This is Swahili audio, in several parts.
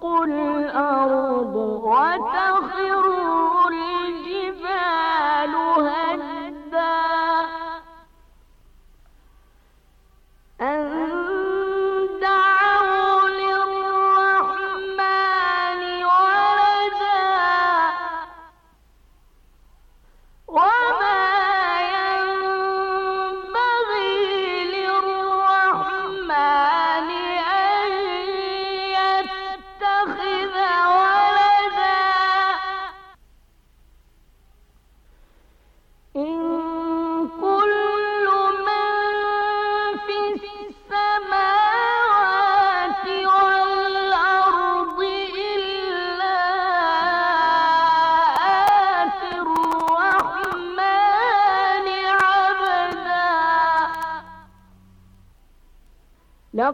تشق الأرض وتخر الجبال هدى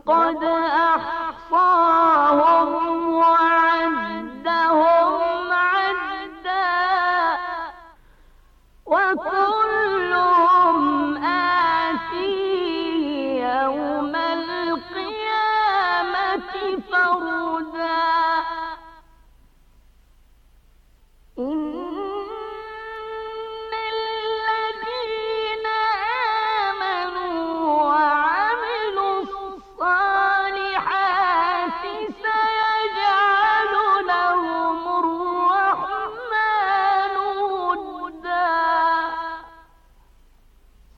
قد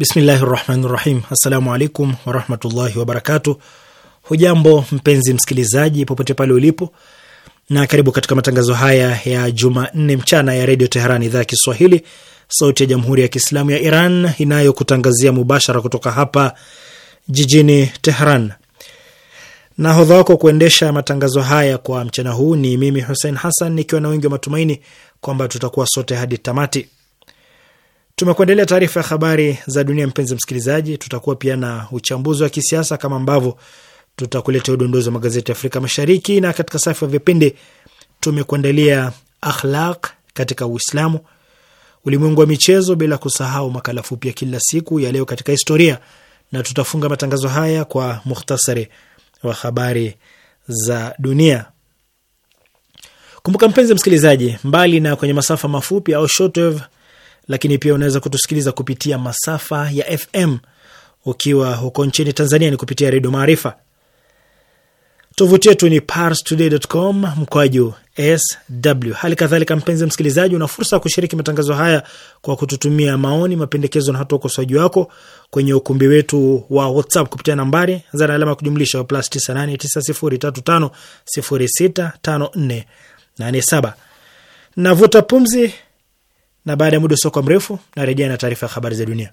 Bismillahi rahmani rahim. Assalamu alaikum warahmatullahi wabarakatu. Hujambo mpenzi msikilizaji, popote pale ulipo, na karibu katika matangazo haya ya Jumanne mchana ya Redio Teheran, idhaa ya Kiswahili, sauti ya Jamhuri ya Kiislamu ya Iran inayokutangazia mubashara kutoka hapa jijini Teheran. Nahodha wako kuendesha matangazo haya kwa mchana huu ni mimi Hussein Hassan, nikiwa na wengi wa matumaini kwamba tutakuwa sote hadi tamati. Tumekuendelea taarifa ya habari za dunia, mpenzi msikilizaji. Tutakuwa pia na uchambuzi wa kisiasa kama ambavyo tutakuletea udondozi wa magazeti ya Afrika Mashariki, na katika safu ya vipindi tumekuandalia akhlaq katika Uislamu, ulimwengu wa michezo, bila kusahau makala fupi ya kila siku ya leo katika historia, na tutafunga matangazo haya kwa muhtasari wa habari za dunia. Kumbuka mpenzi msikilizaji, mbali na kwenye masafa mafupi au shortwave lakini pia unaweza kutusikiliza kupitia masafa ya FM ukiwa huko nchini Tanzania ni kupitia Redio Maarifa. Tovuti yetu ni parstoday.com mkwaju sw. Hali kadhalika, mpenzi msikilizaji, una fursa ya kushiriki matangazo haya kwa kututumia maoni, mapendekezo na hata ukosoaji wako kwenye ukumbi wetu wa WhatsApp kupitia nambari za na alama ya kujumlisha plus 989035065487. Navuta pumzi na baada ya muda usiokuwa mrefu narejea na taarifa ya habari za dunia.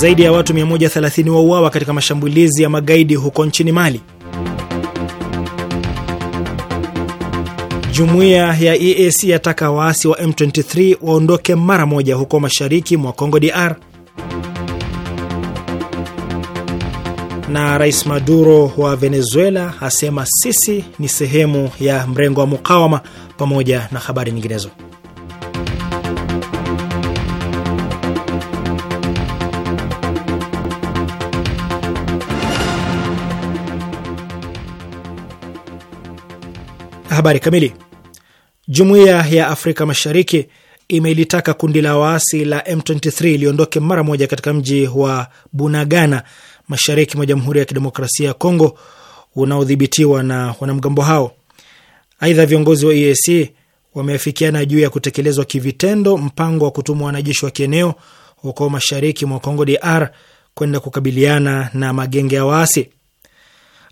Zaidi ya watu 130 wauawa katika mashambulizi ya magaidi huko nchini Mali. Jumuiya ya EAC yataka waasi wa M23 waondoke mara moja huko mashariki mwa Kongo DR. Na Rais Maduro wa Venezuela asema sisi ni sehemu ya mrengo wa mukawama, pamoja na habari nyinginezo. Habari kamili. Jumuiya ya Afrika Mashariki imelitaka kundi la waasi la M23 liondoke mara moja katika mji wa Bunagana mashariki mwa Jamhuri ya Kidemokrasia ya Kongo unaodhibitiwa na wanamgambo hao. Aidha, viongozi wa EAC wameafikiana juu ya kutekelezwa kivitendo mpango wa kutumwa wanajeshi wa kieneo huko mashariki mwa Kongo DR kwenda kukabiliana na magenge ya waasi.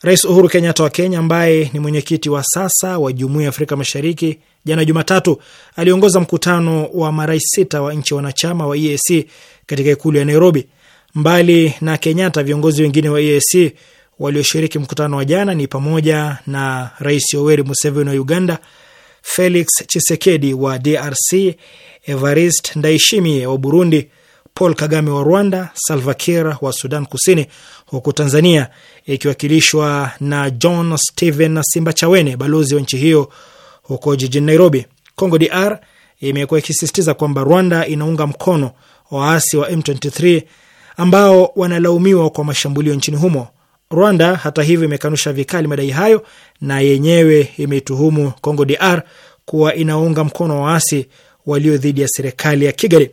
Rais Uhuru Kenyatta wa Kenya, ambaye ni mwenyekiti wa sasa wa Jumuiya ya Afrika Mashariki, jana Jumatatu aliongoza mkutano wa marais sita wa nchi wanachama wa EAC katika ikulu ya Nairobi. Mbali na Kenyatta, viongozi wengine wa EAC walioshiriki mkutano wa jana ni pamoja na Rais Yoweri Museveni wa Uganda, Felix Chisekedi wa DRC, evarist Ndayishimiye wa Burundi Paul Kagame wa Rwanda, Salva Kiir wa Sudan Kusini, huku Tanzania ikiwakilishwa na John Steven Simbachawene, balozi wa nchi hiyo huko jijini Nairobi. Congo DR imekuwa ikisisitiza kwamba Rwanda inaunga mkono waasi wa M23 ambao wanalaumiwa kwa mashambulio nchini humo. Rwanda hata hivyo imekanusha vikali madai hayo na yenyewe imeituhumu Congo DR kuwa inaunga mkono waasi walio dhidi ya serikali ya Kigali.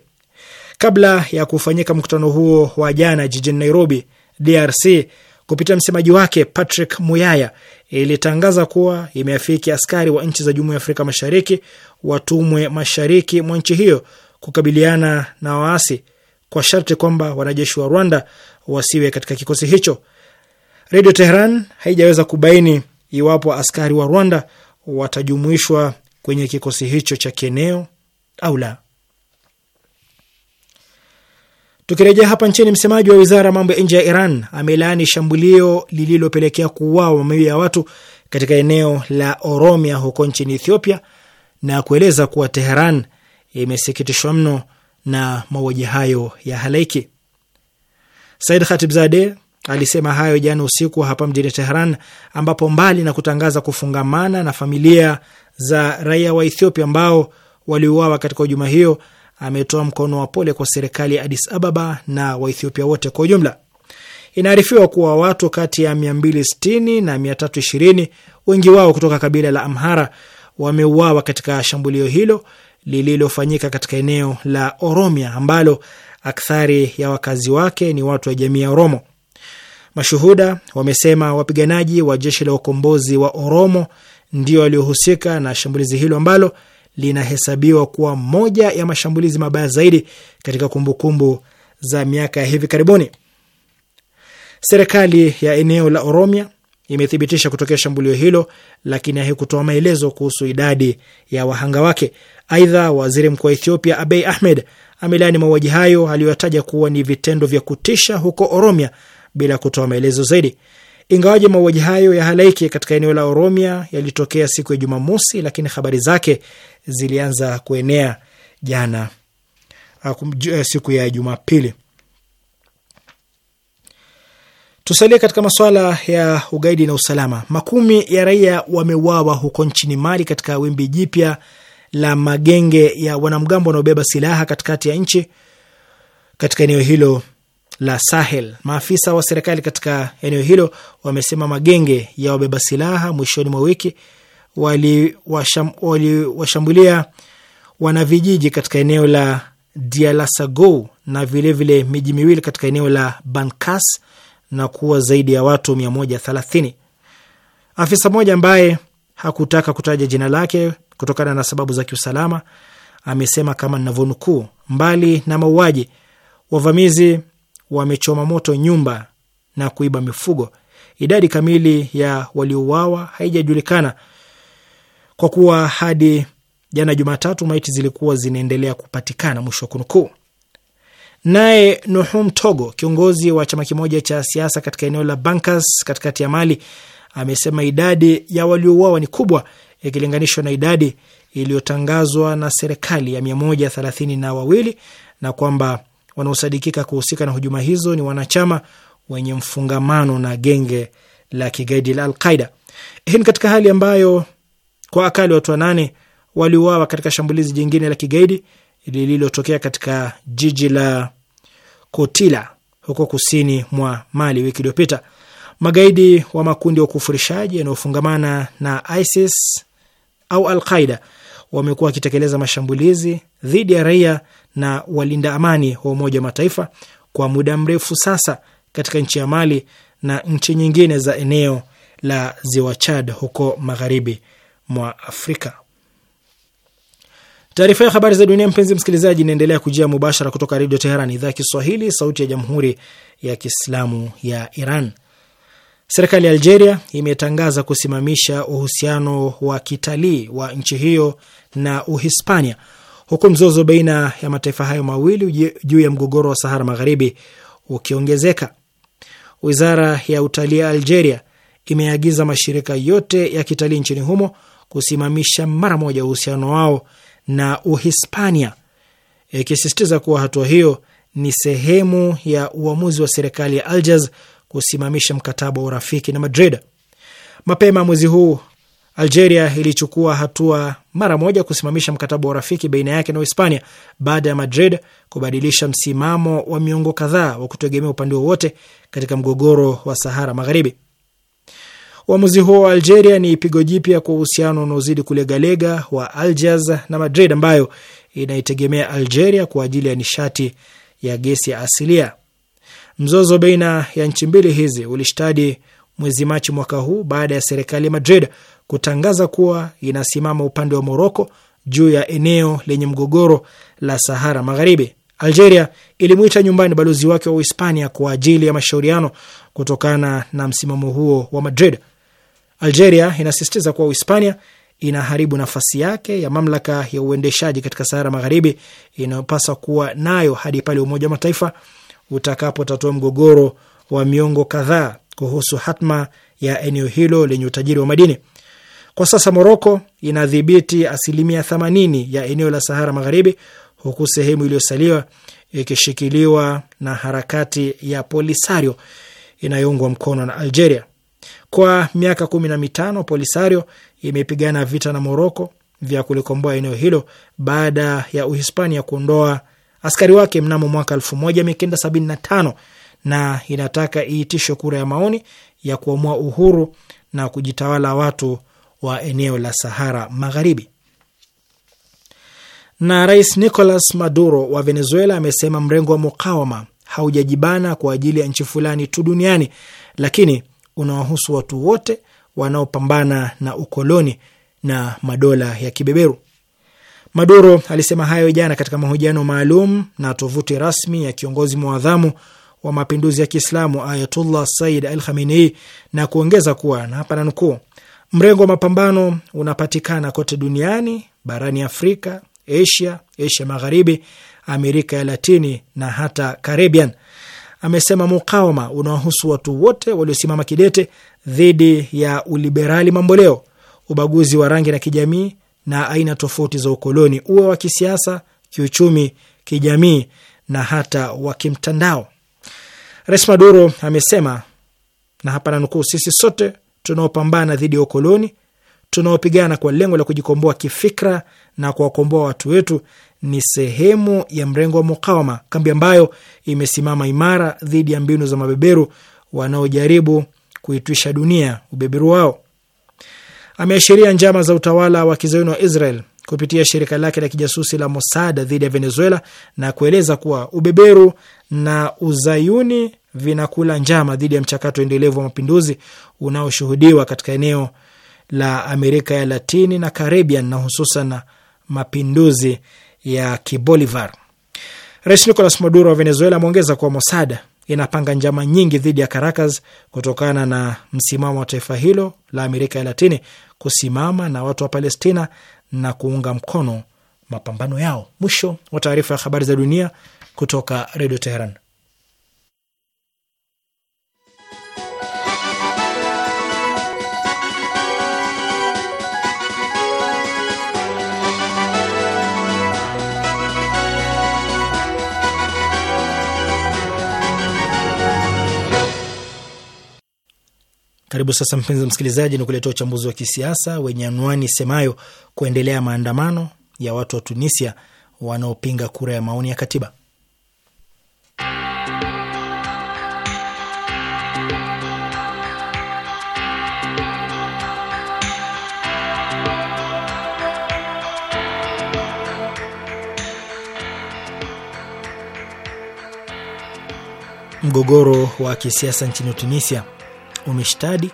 Kabla ya kufanyika mkutano huo wa jana jijini Nairobi, DRC kupitia msemaji wake Patrick Muyaya ilitangaza kuwa imeafiki askari wa nchi za Jumuiya ya Afrika Mashariki watumwe mashariki mwa nchi hiyo kukabiliana na waasi kwa sharti kwamba wanajeshi wa Rwanda wasiwe katika kikosi hicho. Redio Tehran haijaweza kubaini iwapo askari wa Rwanda watajumuishwa kwenye kikosi hicho cha kieneo au la. Tukirejea hapa nchini, msemaji wa wizara ya mambo ya nje ya Iran amelaani shambulio lililopelekea kuuawa mamia ya watu katika eneo la Oromia huko nchini Ethiopia na kueleza kuwa Teheran imesikitishwa mno na mauaji hayo ya halaiki. Said Khatibzade alisema hayo jana usiku hapa mjini Teheran, ambapo mbali na kutangaza kufungamana na familia za raia wa Ethiopia ambao waliuawa katika hujuma hiyo ametoa mkono wa pole kwa serikali ya Addis Ababa na Waethiopia wote kwa ujumla. Inaarifiwa kuwa watu kati ya 260 na 320, wengi wao kutoka kabila la Amhara, wameuawa katika shambulio hilo lililofanyika katika eneo la Oromia ambalo akthari ya wakazi wake ni watu wa jamii ya Oromo. Mashuhuda wamesema wapiganaji wa jeshi la ukombozi wa Oromo ndio waliohusika na shambulizi hilo ambalo linahesabiwa kuwa moja ya mashambulizi mabaya zaidi katika kumbukumbu kumbu za miaka ya hivi karibuni. Serikali ya eneo la Oromia imethibitisha kutokea shambulio hilo, lakini haikutoa maelezo kuhusu idadi ya wahanga wake. Aidha, waziri mkuu wa Ethiopia Abiy Ahmed amelaani mauaji hayo aliyoyataja kuwa ni vitendo vya kutisha huko Oromia bila kutoa maelezo zaidi. Ingawaje mauaji hayo ya halaiki katika eneo la Oromia yalitokea siku ya Jumamosi, lakini habari zake zilianza kuenea jana ah, eh, siku ya Jumapili. Tusalie katika masuala ya ugaidi na usalama. Makumi ya raia wameuawa huko nchini Mali katika wimbi jipya la magenge ya wanamgambo wanaobeba silaha katikati ya nchi katika eneo hilo la Sahel. Maafisa wa serikali katika eneo hilo wamesema magenge ya wabeba silaha mwishoni mwa wiki waliwashambulia wali wanavijiji katika eneo la Dialasago na vilevile miji miwili katika eneo la Bankas na kuwa zaidi ya watu 130. Afisa mmoja ambaye hakutaka kutaja jina lake kutokana na sababu za kiusalama amesema kama ninavyonukuu, mbali na mauaji, wavamizi wamechoma moto nyumba na kuiba mifugo. Idadi kamili ya waliouawa haijajulikana, kwa kuwa hadi jana Jumatatu maiti zilikuwa zinaendelea kupatikana, mwisho wa kunukuu. Naye Nuhum Togo, kiongozi wa chama kimoja cha siasa katika eneo la Bankas katikati ya Mali, amesema idadi ya waliouawa ni kubwa ikilinganishwa na idadi iliyotangazwa na serikali ya mia moja thelathini na wawili na kwamba wanaosadikika kuhusika na hujuma hizo ni wanachama wenye mfungamano na genge la kigaidi la Alqaida. Hii ni katika hali ambayo kwa akali watu wanane waliuawa katika shambulizi jingine la kigaidi lililotokea katika jiji la Kotila huko kusini mwa Mali wiki iliyopita. Magaidi wa makundi ya ukufurishaji yanayofungamana na ISIS au Qaida wamekuwa wakitekeleza mashambulizi dhidi ya raia na walinda amani wa Umoja wa Mataifa kwa muda mrefu sasa katika nchi ya Mali na nchi nyingine za eneo la Ziwa Chad huko magharibi mwa Afrika. Taarifa ya habari za dunia, mpenzi msikilizaji, inaendelea kujia mubashara kutoka Redio Teheran, idhaa ya Kiswahili, sauti ya jamhuri ya kiislamu ya Iran. Serikali ya Algeria imetangaza kusimamisha uhusiano wa kitalii wa nchi hiyo na Uhispania, huku mzozo baina ya mataifa hayo mawili juu ya mgogoro wa Sahara Magharibi ukiongezeka. Wizara ya utalii ya Algeria imeagiza mashirika yote ya kitalii nchini humo kusimamisha mara moja uhusiano wao na Uhispania, ikisisitiza kuwa hatua hiyo ni sehemu ya uamuzi wa serikali ya Algiers kusimamisha mkataba wa urafiki na Madrid. Mapema mwezi huu Algeria ilichukua hatua mara moja kusimamisha mkataba wa urafiki baina yake na Uhispania baada ya Madrid kubadilisha msimamo wa miongo kadhaa wa kutegemea upande wowote katika mgogoro wa Sahara Magharibi. Uamuzi huo wa Algeria ni pigo jipya kwa uhusiano unaozidi kulegalega wa Algiers na Madrid, ambayo inaitegemea Algeria kwa ajili ya nishati ya gesi ya asilia. Mzozo baina ya nchi mbili hizi ulishtadi mwezi Machi mwaka huu baada ya serikali ya Madrid kutangaza kuwa inasimama upande wa Moroko juu ya eneo lenye mgogoro la Sahara Magharibi. Algeria ilimwita nyumbani balozi wake wa Uhispania kwa ajili ya mashauriano kutokana na msimamo huo wa Madrid. Algeria inasisitiza kuwa Uhispania inaharibu nafasi yake ya mamlaka ya uendeshaji katika Sahara Magharibi inayopaswa kuwa nayo hadi pale Umoja wa Mataifa utakapotatua mgogoro wa miongo kadhaa kuhusu hatma ya eneo hilo lenye utajiri wa madini. Kwa sasa Moroko inadhibiti asilimia 80 ya eneo la Sahara Magharibi, huku sehemu iliyosaliwa ikishikiliwa na harakati ya Polisario inayoungwa mkono na Algeria. Kwa miaka kumi na mitano Polisario imepigana vita na Moroko vya kulikomboa eneo hilo baada ya Uhispania kuondoa askari wake mnamo mwaka tano na inataka iitishwe kura ya maoni ya kuamua uhuru na kujitawala watu wa eneo la Sahara Magharibi. Na Rais Nicolas Maduro wa Venezuela amesema mrengo wa mukawama haujajibana kwa ajili ya nchi fulani tu duniani, lakini unawahusu watu wote wanaopambana na ukoloni na madola ya kibeberu. Maduro alisema hayo jana katika mahojiano maalum na tovuti rasmi ya kiongozi mwadhamu wa mapinduzi ya Kiislamu Ayatullah Said Al Khamenei na kuongeza kuwa na hapa nanukuu, mrengo wa mapambano unapatikana kote duniani, barani Afrika, Asia, Asia Magharibi, Amerika ya Latini na hata Caribbean amesema mukawama unawahusu watu wote waliosimama kidete dhidi ya uliberali mamboleo, ubaguzi wa rangi na kijamii na aina tofauti za ukoloni, uwe wa kisiasa, kiuchumi, kijamii na hata wa kimtandao. Rais Maduro amesema, na hapa nanukuu, sisi sote tunaopambana dhidi ya ukoloni tunaopigana kwa lengo la kujikomboa kifikra na kuwakomboa watu wetu ni sehemu ya mrengo wa mukawama, kambi ambayo imesimama imara dhidi ya mbinu za mabeberu wanaojaribu kuitwisha dunia ubeberu wao. Ameashiria njama za utawala wa kizayuni wa Israel kupitia shirika lake la kijasusi la Mossad dhidi ya Venezuela na kueleza kuwa ubeberu na uzayuni vinakula njama dhidi ya mchakato endelevu wa mapinduzi unaoshuhudiwa katika eneo la Amerika ya Latini na Caribbean na hususan mapinduzi ya kibolivar. Rais Nicolas Maduro wa Venezuela ameongeza kuwa Mosada inapanga njama nyingi dhidi ya Caracas kutokana na msimamo wa taifa hilo la Amerika ya Latini kusimama na watu wa Palestina na kuunga mkono mapambano yao. Mwisho wa taarifa ya habari za dunia kutoka Redio Teheran. Karibu sasa, mpenzi msikilizaji, ni kuletea uchambuzi wa kisiasa wenye anwani semayo kuendelea maandamano ya watu wa Tunisia wanaopinga kura ya maoni ya katiba. Mgogoro wa kisiasa nchini Tunisia umeshtadi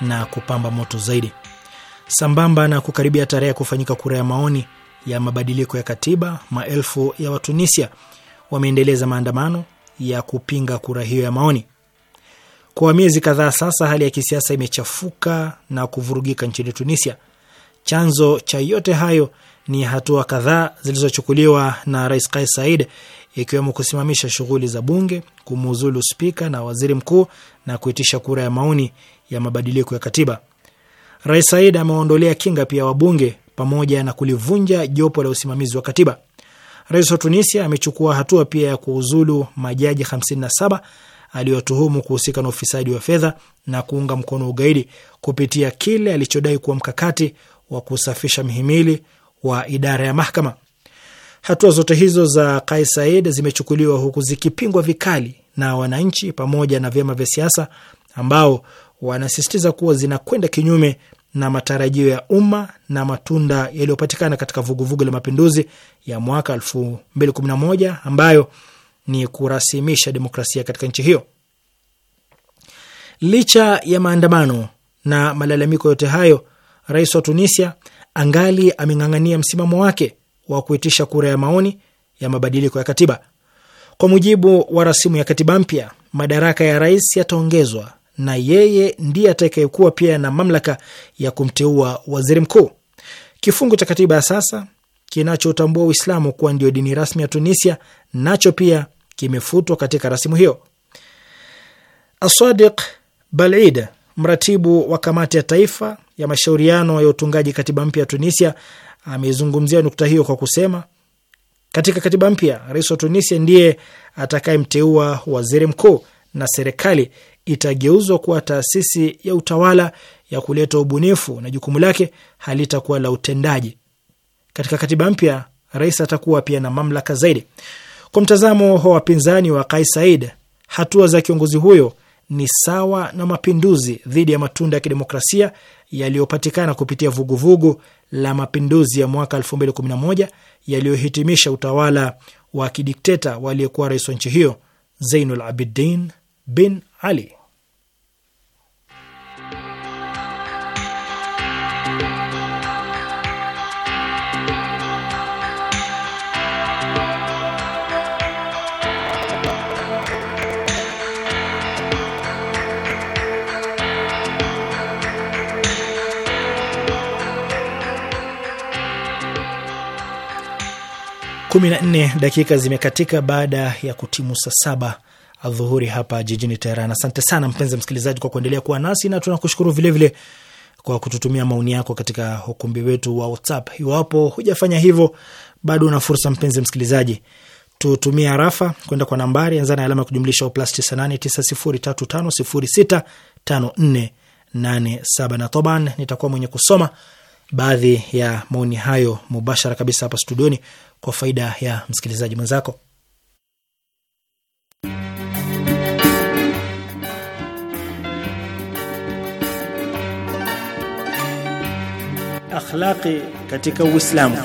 na kupamba moto zaidi. Sambamba na kukaribia tarehe ya kufanyika kura ya maoni ya mabadiliko ya katiba, maelfu ya Watunisia wameendeleza maandamano ya kupinga kura hiyo ya maoni. Kwa miezi kadhaa sasa, hali ya kisiasa imechafuka na kuvurugika nchini Tunisia. Chanzo cha yote hayo ni hatua kadhaa zilizochukuliwa na Rais Kais Saied ikiwemo kusimamisha shughuli za bunge, kumuuzulu spika na waziri mkuu na kuitisha kura ya maoni ya mabadiliko ya katiba. Rais Said amewaondolea kinga pia wabunge pamoja na kulivunja jopo la usimamizi wa katiba. Rais wa Tunisia amechukua hatua pia ya kuuzulu majaji 57 aliyotuhumu kuhusika na ufisadi wa fedha na kuunga mkono ugaidi kupitia kile alichodai kuwa mkakati wa kusafisha mhimili wa idara ya mahakama. Hatua zote hizo za Kais Saied zimechukuliwa huku zikipingwa vikali na wananchi pamoja na vyama vya siasa ambao wanasisitiza kuwa zinakwenda kinyume na matarajio ya umma na matunda yaliyopatikana katika vuguvugu la mapinduzi ya mwaka 2011 ambayo ni kurasimisha demokrasia katika nchi hiyo. Licha ya maandamano na malalamiko yote hayo, rais wa Tunisia angali ameng'ang'ania msimamo wake wa kuitisha kura ya maoni ya mabadiliko ya katiba. Kwa mujibu wa rasimu ya katiba mpya, madaraka ya rais yataongezwa na yeye ndiye atakayekuwa pia na mamlaka ya kumteua waziri mkuu. Kifungu cha katiba ya sasa kinachotambua Uislamu kuwa ndio dini rasmi ya Tunisia nacho pia kimefutwa katika rasimu hiyo. Asadiq Balid, mratibu wa kamati ya taifa ya mashauriano ya utungaji katiba mpya ya Tunisia, amezungumzia nukta hiyo kwa kusema, katika katiba mpya rais wa Tunisia ndiye atakayemteua waziri mkuu na serikali itageuzwa kuwa taasisi ya utawala ya kuleta ubunifu na jukumu lake halitakuwa la utendaji. Katika katiba mpya rais atakuwa pia na mamlaka zaidi. Kwa mtazamo wa wapinzani wa Kais Saied, hatua za kiongozi huyo ni sawa na mapinduzi dhidi ya matunda ya kidemokrasia yaliyopatikana kupitia vuguvugu vugu la mapinduzi ya mwaka 2011 yaliyohitimisha utawala wa kidikteta waliyekuwa rais wa nchi hiyo Zainul Abidin bin Ali. kumi na nne dakika zimekatika baada ya kutimu saa saba adhuhuri hapa jijini Teheran. Asante sana mpenzi msikilizaji kwa kuendelea kuwa nasi na tunakushukuru vilevile kwa kututumia maoni yako katika ukumbi wetu wa WhatsApp. Iwapo hujafanya hivyo, bado una fursa mpenzi msikilizaji, tutumie harafa kwenda kwa nambari, anza na alama ya kujumlisha plus 989035065487 na toban. Nitakuwa mwenye kusoma baadhi ya maoni hayo mubashara kabisa hapa studioni kwa faida ya msikilizaji mwenzako. Akhlaqi katika Uislamu.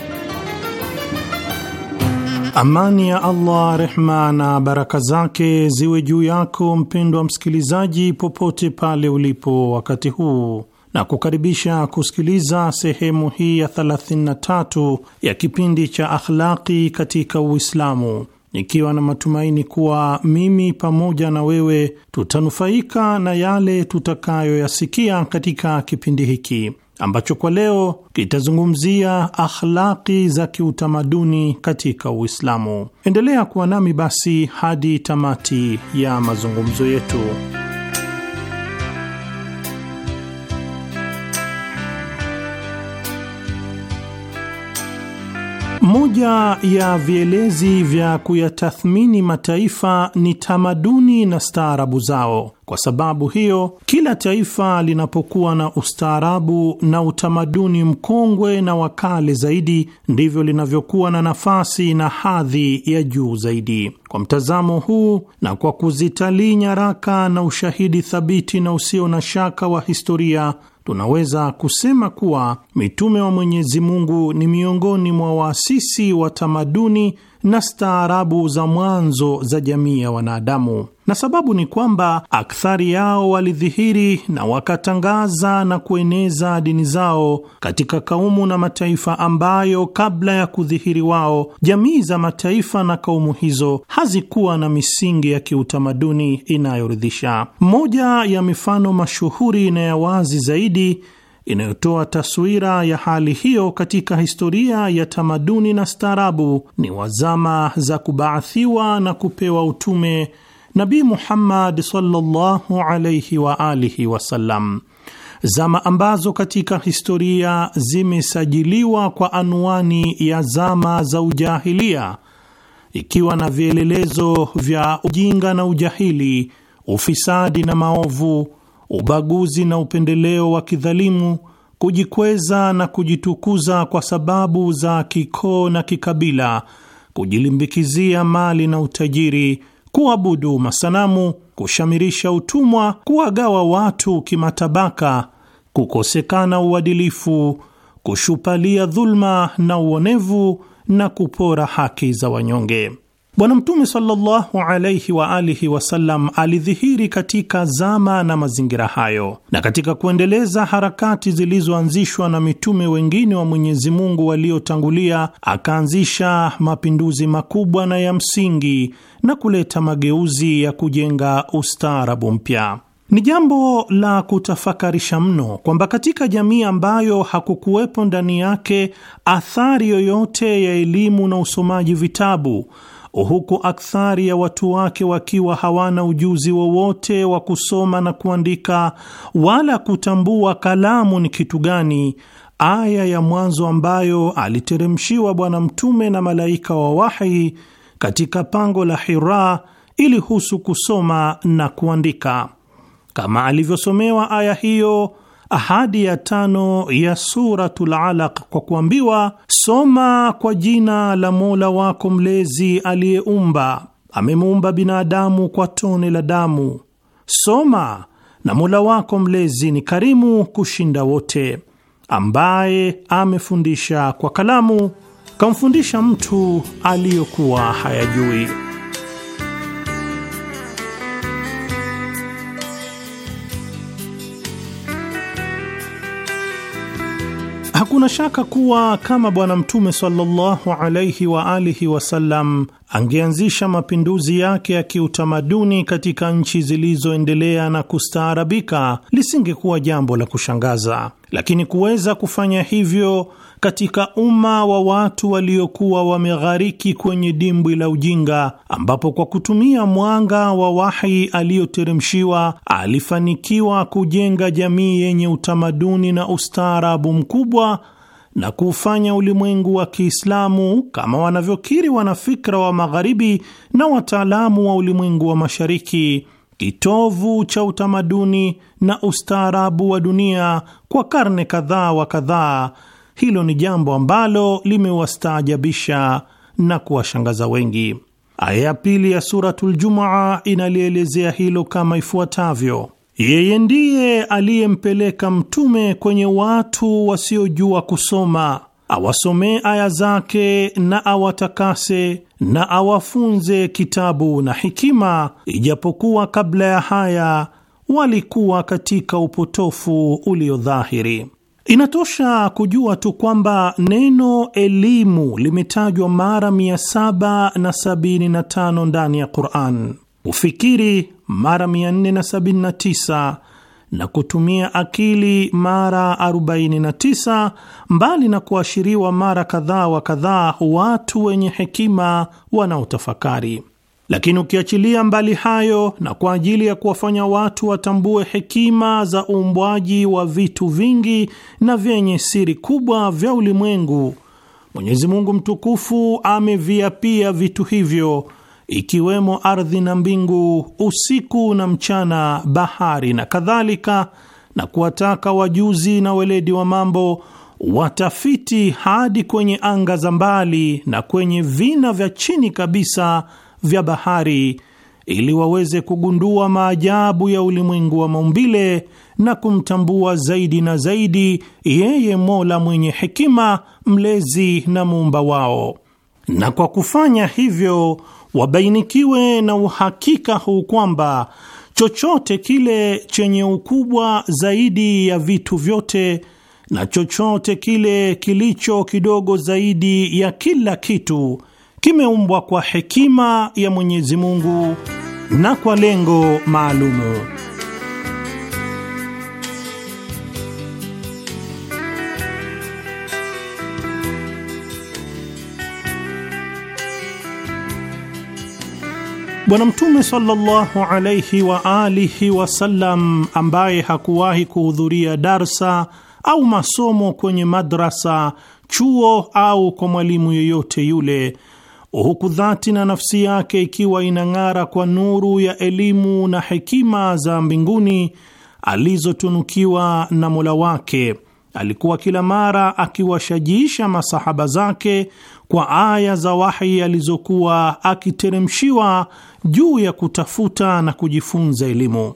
Amani ya Allah, rehma na baraka zake ziwe juu yako mpendwa msikilizaji, popote pale ulipo wakati huu na kukaribisha kusikiliza sehemu hii ya 33 ya kipindi cha Akhlaqi katika Uislamu, nikiwa na matumaini kuwa mimi pamoja na wewe tutanufaika na yale tutakayoyasikia katika kipindi hiki ambacho kwa leo kitazungumzia akhlaqi za kiutamaduni katika Uislamu. Endelea kuwa nami basi hadi tamati ya mazungumzo yetu. Moja ya vielezi vya kuyatathmini mataifa ni tamaduni na staarabu zao. Kwa sababu hiyo, kila taifa linapokuwa na ustaarabu na utamaduni mkongwe na wakale zaidi, ndivyo linavyokuwa na nafasi na hadhi ya juu zaidi. Kwa mtazamo huu na kwa kuzitalii nyaraka na ushahidi thabiti na usio na shaka wa historia tunaweza kusema kuwa mitume wa Mwenyezi Mungu ni miongoni mwa waasisi wa tamaduni na staarabu za mwanzo za jamii ya wanadamu na sababu ni kwamba akthari yao walidhihiri na wakatangaza na kueneza dini zao katika kaumu na mataifa ambayo kabla ya kudhihiri wao, jamii za mataifa na kaumu hizo hazikuwa na misingi ya kiutamaduni inayoridhisha. Moja ya mifano mashuhuri na ya wazi zaidi inayotoa taswira ya hali hiyo katika historia ya tamaduni na staarabu ni wazama za kubaathiwa na kupewa utume Nabi Muhammad sallallahu alayhi wa alihi wasallam, zama ambazo katika historia zimesajiliwa kwa anwani ya zama za ujahilia, ikiwa na vielelezo vya ujinga na ujahili, ufisadi na maovu, ubaguzi na upendeleo wa kidhalimu, kujikweza na kujitukuza kwa sababu za kikoo na kikabila, kujilimbikizia mali na utajiri kuabudu masanamu, kushamirisha utumwa, kuwagawa watu kimatabaka, kukosekana uadilifu, kushupalia dhuluma na uonevu na kupora haki za wanyonge. Bwana Mtume sallallahu alayhi wa alihi wasallam alidhihiri katika zama na mazingira hayo, na katika kuendeleza harakati zilizoanzishwa na mitume wengine wa Mwenyezi Mungu waliotangulia, akaanzisha mapinduzi makubwa na ya msingi na kuleta mageuzi ya kujenga ustaarabu mpya. Ni jambo la kutafakarisha mno kwamba katika jamii ambayo hakukuwepo ndani yake athari yoyote ya elimu na usomaji vitabu huku akthari ya watu wake wakiwa hawana ujuzi wowote wa kusoma na kuandika wala kutambua kalamu ni kitu gani, aya ya mwanzo ambayo aliteremshiwa Bwana Mtume na malaika wa wahi katika pango la Hira ilihusu kusoma na kuandika, kama alivyosomewa aya hiyo ahadi ya tano ya Suratul Alaq kwa kuambiwa, soma kwa jina la Mola wako mlezi aliyeumba, amemuumba binadamu kwa tone la damu. Soma, na Mola wako mlezi ni karimu kushinda wote, ambaye amefundisha kwa kalamu, kamfundisha mtu aliyokuwa hayajui. Hakuna shaka kuwa kama Bwana Mtume sallallahu alaihi wa alihi wasallam angeanzisha mapinduzi yake ya kiutamaduni katika nchi zilizoendelea na kustaarabika, lisingekuwa jambo la kushangaza lakini kuweza kufanya hivyo katika umma wa watu waliokuwa wameghariki kwenye dimbwi la ujinga, ambapo kwa kutumia mwanga wa wahi aliyoteremshiwa alifanikiwa kujenga jamii yenye utamaduni na ustaarabu mkubwa na kuufanya ulimwengu wa Kiislamu kama wanavyokiri wanafikra wa Magharibi na wataalamu wa ulimwengu wa Mashariki kitovu cha utamaduni na ustaarabu wa dunia kwa karne kadhaa wa kadhaa, hilo ni jambo ambalo limewastaajabisha na kuwashangaza wengi. Aya ya pili ya Suratul Jumaa inalielezea hilo kama ifuatavyo: yeye ndiye aliyempeleka mtume kwenye watu wasiojua kusoma awasomee aya zake na awatakase na awafunze kitabu na hikima, ijapokuwa kabla ya haya walikuwa katika upotofu uliodhahiri. Inatosha kujua tu kwamba neno elimu limetajwa mara 775 ndani ya Qur'an, ufikiri mara 479 na kutumia akili mara 49 mbali na kuashiriwa mara kadhaa wa kadhaa watu wenye hekima wanaotafakari. Lakini ukiachilia mbali hayo, na kwa ajili ya kuwafanya watu watambue hekima za uumbwaji wa vitu vingi na vyenye siri kubwa vya ulimwengu, Mwenyezi Mungu mtukufu ameviapia vitu hivyo ikiwemo ardhi na mbingu, usiku na mchana, bahari na kadhalika, na kuwataka wajuzi na weledi wa mambo watafiti hadi kwenye anga za mbali na kwenye vina vya chini kabisa vya bahari ili waweze kugundua maajabu ya ulimwengu wa maumbile na kumtambua zaidi na zaidi yeye Mola mwenye hekima, mlezi na muumba wao. Na kwa kufanya hivyo wabainikiwe na uhakika huu kwamba chochote kile chenye ukubwa zaidi ya vitu vyote na chochote kile kilicho kidogo zaidi ya kila kitu kimeumbwa kwa hekima ya Mwenyezi Mungu na kwa lengo maalumu. Bwana Mtume sallallahu alayhi wa alihi sallam, ambaye hakuwahi kuhudhuria darsa au masomo kwenye madrasa, chuo au kwa mwalimu yeyote yule, huku dhati na nafsi yake ikiwa inang'ara kwa nuru ya elimu na hekima za mbinguni alizotunukiwa na Mola wake alikuwa kila mara akiwashajiisha masahaba zake kwa aya za wahi alizokuwa akiteremshiwa juu ya kutafuta na kujifunza elimu.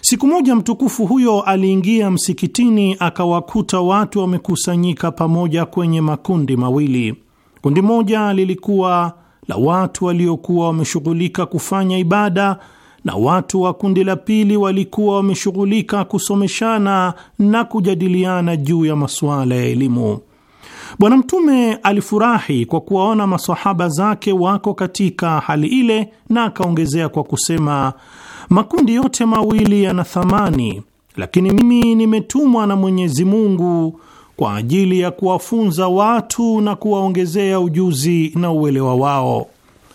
Siku moja mtukufu huyo aliingia msikitini, akawakuta watu wamekusanyika pamoja kwenye makundi mawili. Kundi moja lilikuwa la watu waliokuwa wameshughulika kufanya ibada na watu wa kundi la pili walikuwa wameshughulika kusomeshana na kujadiliana juu ya masuala ya elimu. Bwana Mtume alifurahi kwa kuwaona masahaba zake wako katika hali ile, na akaongezea kwa kusema, makundi yote mawili yana thamani, lakini mimi nimetumwa na Mwenyezi Mungu kwa ajili ya kuwafunza watu na kuwaongezea ujuzi na uelewa wao.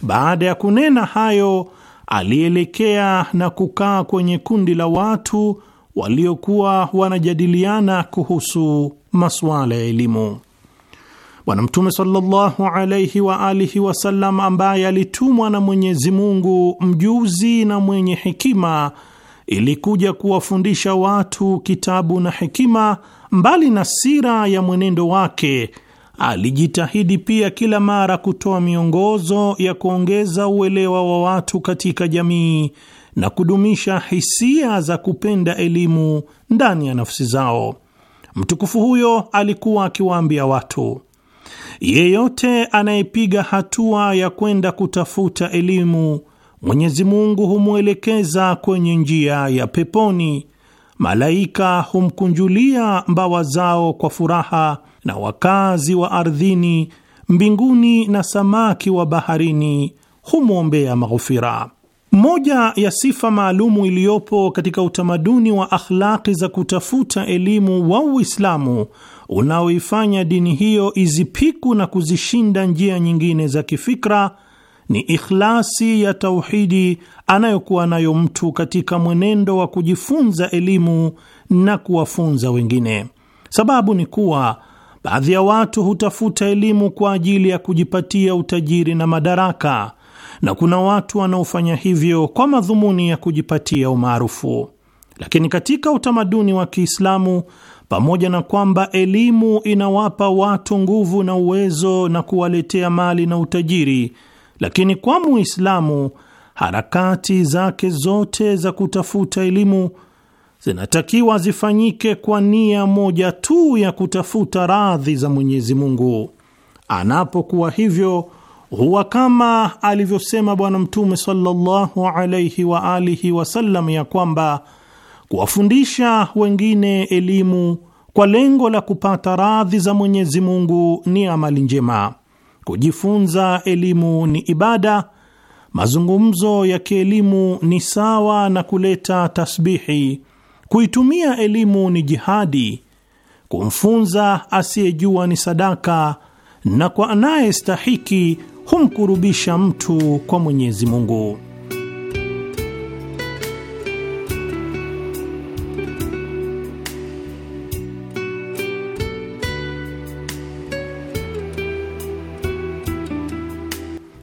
Baada ya kunena hayo alielekea na kukaa kwenye kundi la watu waliokuwa wanajadiliana kuhusu masuala ya elimu. Bwana Mtume sallallahu alaihi wa alihi wasallam, ambaye alitumwa na Mwenyezi Mungu mjuzi na mwenye hekima ili kuja kuwafundisha watu kitabu na hekima, mbali na sira ya mwenendo wake Alijitahidi pia kila mara kutoa miongozo ya kuongeza uelewa wa watu katika jamii na kudumisha hisia za kupenda elimu ndani ya nafsi zao. Mtukufu huyo alikuwa akiwaambia watu, yeyote anayepiga hatua ya kwenda kutafuta elimu, Mwenyezi Mungu humwelekeza kwenye njia ya peponi, malaika humkunjulia mbawa zao kwa furaha na wakazi wa ardhini, mbinguni na samaki wa baharini humwombea maghufira. Moja ya sifa maalumu iliyopo katika utamaduni wa akhlaki za kutafuta elimu wa Uislamu unaoifanya dini hiyo izipiku na kuzishinda njia nyingine za kifikra ni ikhlasi ya tauhidi anayokuwa nayo mtu katika mwenendo wa kujifunza elimu na kuwafunza wengine. Sababu ni kuwa Baadhi ya watu hutafuta elimu kwa ajili ya kujipatia utajiri na madaraka, na kuna watu wanaofanya hivyo kwa madhumuni ya kujipatia umaarufu. Lakini katika utamaduni wa Kiislamu, pamoja na kwamba elimu inawapa watu nguvu na uwezo na kuwaletea mali na utajiri, lakini kwa Muislamu harakati zake zote za kutafuta elimu zinatakiwa zifanyike kwa nia moja tu ya kutafuta radhi za Mwenyezi Mungu. Anapokuwa hivyo huwa kama alivyosema Bwana Mtume sallallahu alaihi wa alihi wasallam ya kwamba kuwafundisha wengine elimu kwa lengo la kupata radhi za Mwenyezi Mungu ni amali njema. Kujifunza elimu ni ibada. Mazungumzo ya kielimu ni sawa na kuleta tasbihi Kuitumia elimu ni jihadi, kumfunza asiyejua ni sadaka, na kwa anayestahiki humkurubisha mtu kwa Mwenyezi Mungu.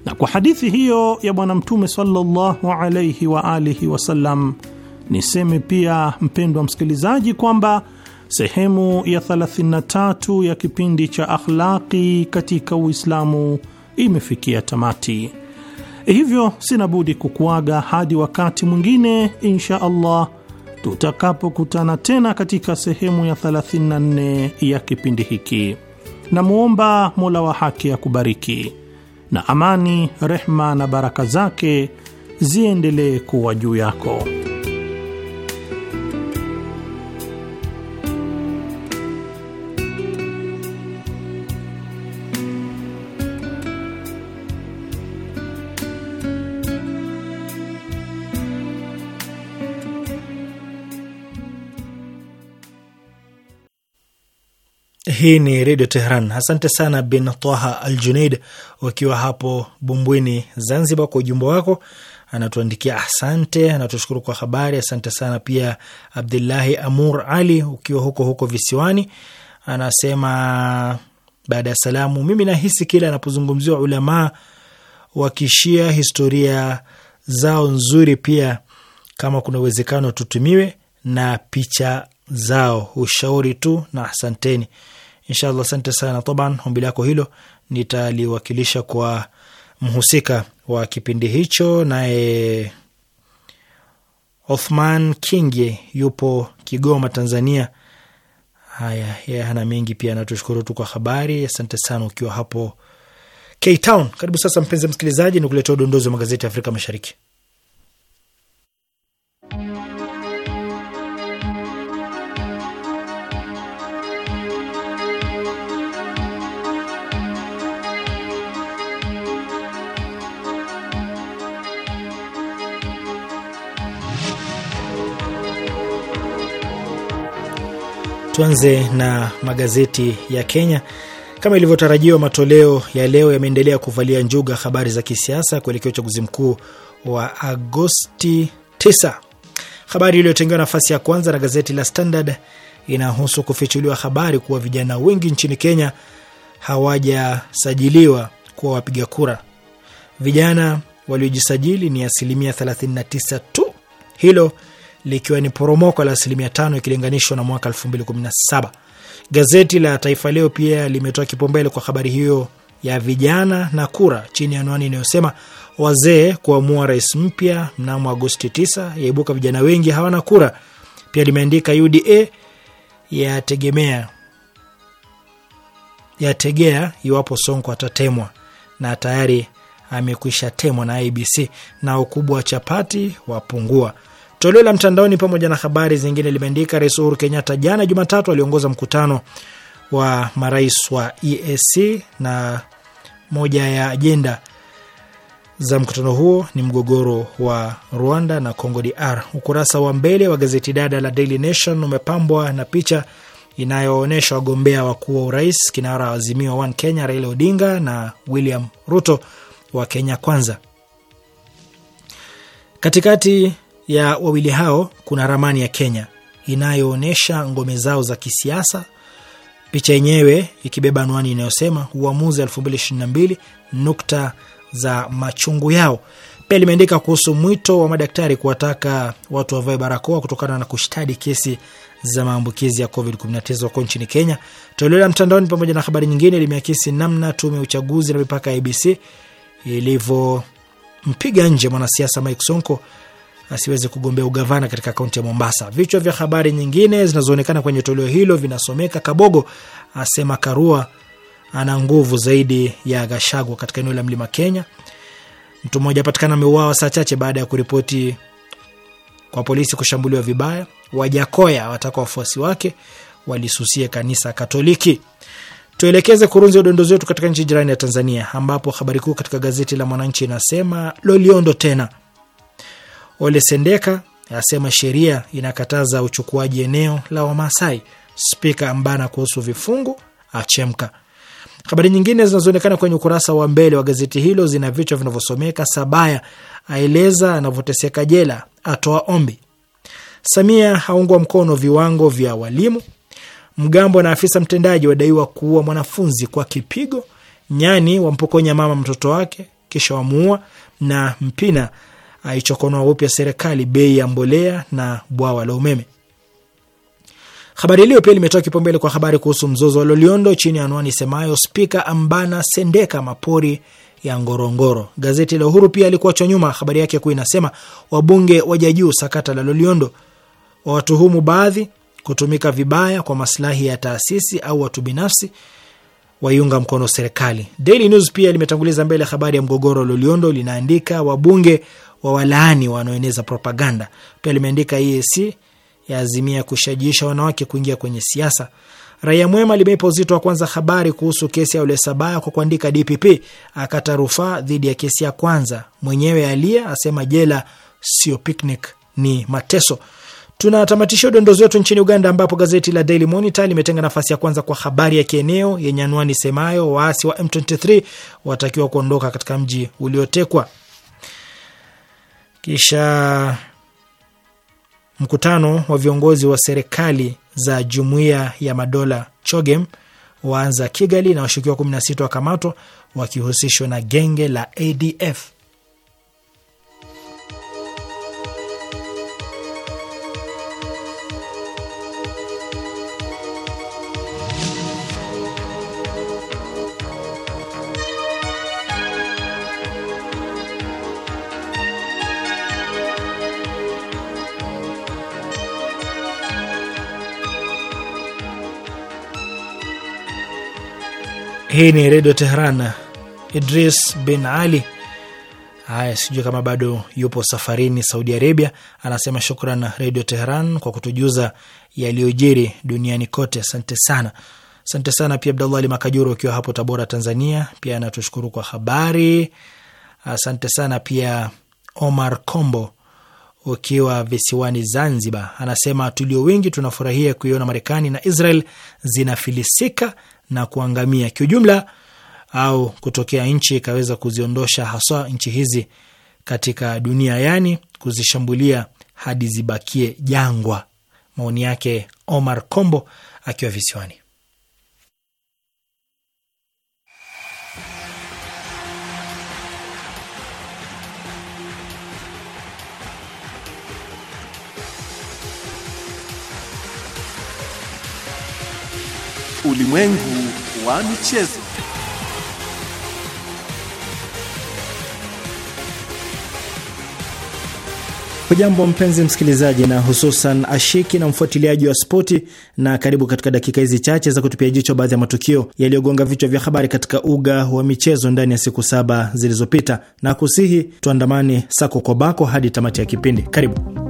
Na kwa hadithi hiyo ya Bwana Mtume sallallahu alaihi wa alihi wasallam Niseme pia mpendwa msikilizaji, kwamba sehemu ya 33 ya kipindi cha akhlaqi katika Uislamu imefikia tamati, hivyo sina budi kukuaga hadi wakati mwingine insha Allah tutakapokutana tena katika sehemu ya 34 ya kipindi hiki. Namwomba Mola wa haki akubariki, na amani, rehma na baraka zake ziendelee kuwa juu yako. Hii ni Redio Tehran. Asante sana Bin Taha Al Junaid wakiwa hapo Bumbwini, Zanzibar, kwa ujumbe wako. Anatuandikia asante, anatushukuru kwa habari. Asante sana pia Abdullahi Amur Ali ukiwa huko huko visiwani, anasema baada ya salamu, mimi nahisi kila anapozungumziwa ulamaa wakishia historia zao nzuri, pia kama kuna uwezekano tutumiwe na picha zao, ushauri tu na asanteni. Inshallah, asante sana. Taban ombi lako hilo nitaliwakilisha kwa mhusika wa kipindi hicho, naye Othman Kinge yupo Kigoma, Tanzania. Haya, yeye hana mengi pia, natushukuru tu kwa habari. Asante sana ukiwa hapo K Town. Karibu sasa, mpenzi msikilizaji, ni kuletea udondozi wa magazeti ya Afrika Mashariki. Tuanze na magazeti ya Kenya. Kama ilivyotarajiwa, matoleo ya leo yameendelea kuvalia njuga habari za kisiasa kuelekea uchaguzi mkuu wa Agosti 9. Habari iliyotengewa nafasi ya kwanza na gazeti la Standard inahusu kufichuliwa habari kuwa vijana wengi nchini Kenya hawajasajiliwa kuwa wapiga kura. Vijana waliojisajili ni asilimia 39 tu. Hilo likiwa ni poromoko la asilimia tano ikilinganishwa na mwaka 2017. Gazeti la Taifa Leo pia limetoa kipaumbele kwa habari hiyo ya vijana na kura chini ya anwani inayosema wazee kuamua rais mpya mnamo Agosti 9 yaibuka vijana wengi hawana kura. Pia limeandika UDA yategemea yategea iwapo Sonko atatemwa na tayari amekwisha temwa na ABC, na ukubwa wa chapati wapungua. Toleo la mtandaoni pamoja na habari zingine limeandika Rais Uhuru Kenyatta jana Jumatatu aliongoza mkutano wa marais wa EAC na moja ya ajenda za mkutano huo ni mgogoro wa Rwanda na Congo DR. Ukurasa wa mbele wa gazeti dada la Daily Nation umepambwa na picha inayoonyesha wagombea wakuu wa urais, kinara wa Azimio One Kenya Raila Odinga na William Ruto wa Kenya Kwanza. Katikati ya wawili hao kuna ramani ya Kenya inayoonyesha ngome zao za kisiasa, picha yenyewe ikibeba anwani inayosema uamuzi 2022 nukta za machungu yao. Pia limeandika kuhusu mwito wa madaktari kuwataka watu wavae barakoa kutokana na kushtadi kesi za maambukizi ya COVID-19 huko nchini Kenya. Toleo la mtandaoni pamoja na habari nyingine limeakisi namna tume ya uchaguzi na mipaka ya ABC ilivyompiga nje mwanasiasa Mike Sonko asiweze kugombea ugavana katika kaunti ya Mombasa. Vichwa vya habari nyingine zinazoonekana kwenye toleo hilo vinasomeka: Kabogo asema Karua ana nguvu zaidi ya Gashagwa katika eneo la mlima Kenya. Mtu mmoja apatikana ameuawa saa chache baada ya kuripoti kwa polisi kushambuliwa vibaya. Wajakoya wataka wafuasi wake walisusie kanisa Katoliki. Tuelekeze kurunzi ya udondozi wetu katika nchi jirani ya Tanzania, ambapo habari kuu katika gazeti la Mwananchi inasema Loliondo tena Ole Sendeka asema sheria inakataza uchukuaji eneo la Wamasai. Spika ambana kuhusu vifungu achemka. Habari nyingine zinazoonekana kwenye ukurasa wa mbele wa gazeti hilo zina vichwa vinavyosomeka: Sabaya aeleza anavyoteseka jela, atoa ombi; Samia haungwa mkono viwango vya walimu; Mgambo na afisa mtendaji wadaiwa kuua mwanafunzi kwa kipigo; nyani wampokonya mama mtoto wake kisha wamuua; na Mpina aichokonoa upya serikali bei ya mbolea na bwawa la umeme. Habari hiliyo pia limetoa kipaumbele kwa habari kuhusu mzozo wa Loliondo chini ya anwani semayo spika ambana Sendeka mapori ya Ngorongoro. Gazeti la Uhuru pia alikuachwa nyuma, habari yake kuu inasema wabunge wajajuu sakata la Loliondo, wawatuhumu baadhi kutumika vibaya kwa maslahi ya taasisi au watu binafsi waiunga mkono serikali. Daily News pia limetanguliza mbele habari ya mgogoro Loliondo, linaandika wabunge wa walaani wanaoeneza propaganda. Pia limeandika EAC yaazimia kushajiisha wanawake kuingia kwenye siasa. Raia Mwema limeipa uzito wa kwanza habari kuhusu kesi ya ule Sabaya kwa kuandika DPP akata rufaa dhidi ya kesi ya kwanza, mwenyewe alia asema jela sio picnic, ni mateso. Tunatamatishia udondozi wetu nchini Uganda, ambapo gazeti la Daily Monitor limetenga nafasi ya kwanza kwa habari ya kieneo yenye anwani semayo waasi wa M23 watakiwa kuondoka katika mji uliotekwa. Kisha mkutano wa viongozi wa serikali za jumuiya ya madola CHOGEM waanza Kigali na washukiwa 16 wakamatwa wakihusishwa na genge la ADF. Hii ni Redio Tehran. Idris bin Ali, haya, sijui kama bado yupo safarini Saudi Arabia, anasema shukran Redio Tehran kwa kutujuza yaliyojiri duniani kote. Asante sana. Asante sana pia Abdallah Ali Makajuru ukiwa hapo Tabora, Tanzania, pia anatushukuru kwa habari. Asante sana pia Omar Kombo ukiwa visiwani Zanzibar, anasema tulio wengi tunafurahia kuiona Marekani na Israel zinafilisika na kuangamia kiujumla au kutokea nchi ikaweza kuziondosha haswa nchi hizi katika dunia, yani kuzishambulia hadi zibakie jangwa. Maoni yake Omar Kombo akiwa visiwani. Ulimwengu wa michezo. Hujambo mpenzi msikilizaji, na hususan ashiki na mfuatiliaji wa spoti, na karibu katika dakika hizi chache za kutupia jicho baadhi ya matukio yaliyogonga vichwa vya habari katika uga wa michezo ndani ya siku saba zilizopita, na kusihi tuandamani sako kwa bako hadi tamati ya kipindi. Karibu.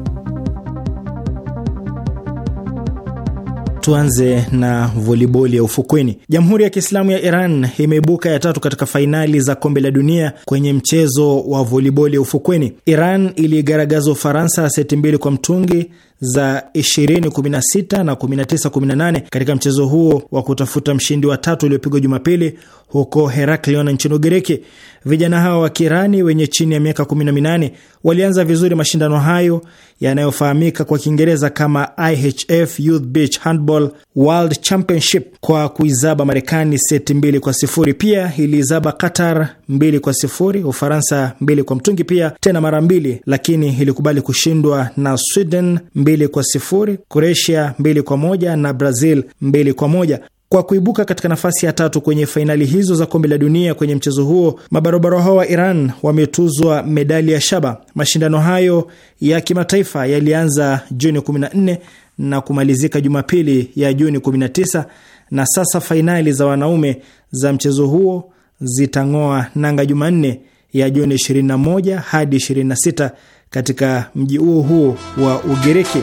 Tuanze na voliboli ya ufukweni. Jamhuri ya Kiislamu ya Iran imeibuka ya tatu katika fainali za kombe la dunia kwenye mchezo wa voliboli ya ufukweni. Iran iliigaragaza Ufaransa seti mbili kwa mtungi za 2016 na 1918 katika mchezo huo wa kutafuta mshindi wa tatu uliopigwa Jumapili huko Heraklion nchini Ugiriki. Vijana hao wa Kirani wenye chini ya miaka 18 walianza vizuri mashindano hayo yanayofahamika kwa Kiingereza kama IHF Youth Beach Handball World Championship kwa kuizaba Marekani seti mbili kwa sifuri. Pia iliizaba Qatar mbili kwa sifuri, Ufaransa mbili kwa mtungi pia tena mara mbili, lakini ilikubali kushindwa na Sweden mbili mbili kwa sifuri, Croatia mbili kwa moja na Brazil mbili kwa moja. Kwa kuibuka katika nafasi ya tatu kwenye fainali hizo za kombe la dunia kwenye mchezo huo, mabarobaro hao wa Iran wametuzwa medali ya shaba. Mashindano hayo ya kimataifa yalianza Juni 14 na kumalizika Jumapili ya Juni 19, na sasa fainali za wanaume za mchezo huo zitang'oa nanga Jumanne ya Juni 21 hadi 26 katika mji huo huo wa Ugiriki.